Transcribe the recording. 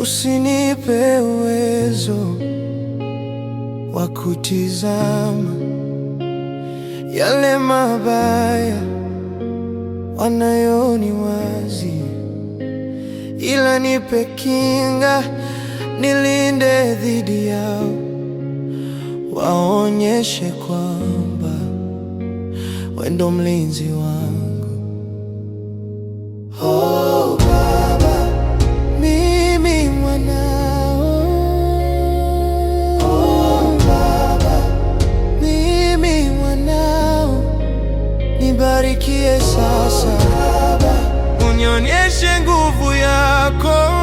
Usinipe uwezo wa kutizama yale mabaya wanayoni wazi ila nipe kinga, nilinde dhidi yao, waonyeshe kwamba wendo mlinzi wangu. nibarikie sasa, unionyeshe nguvu yako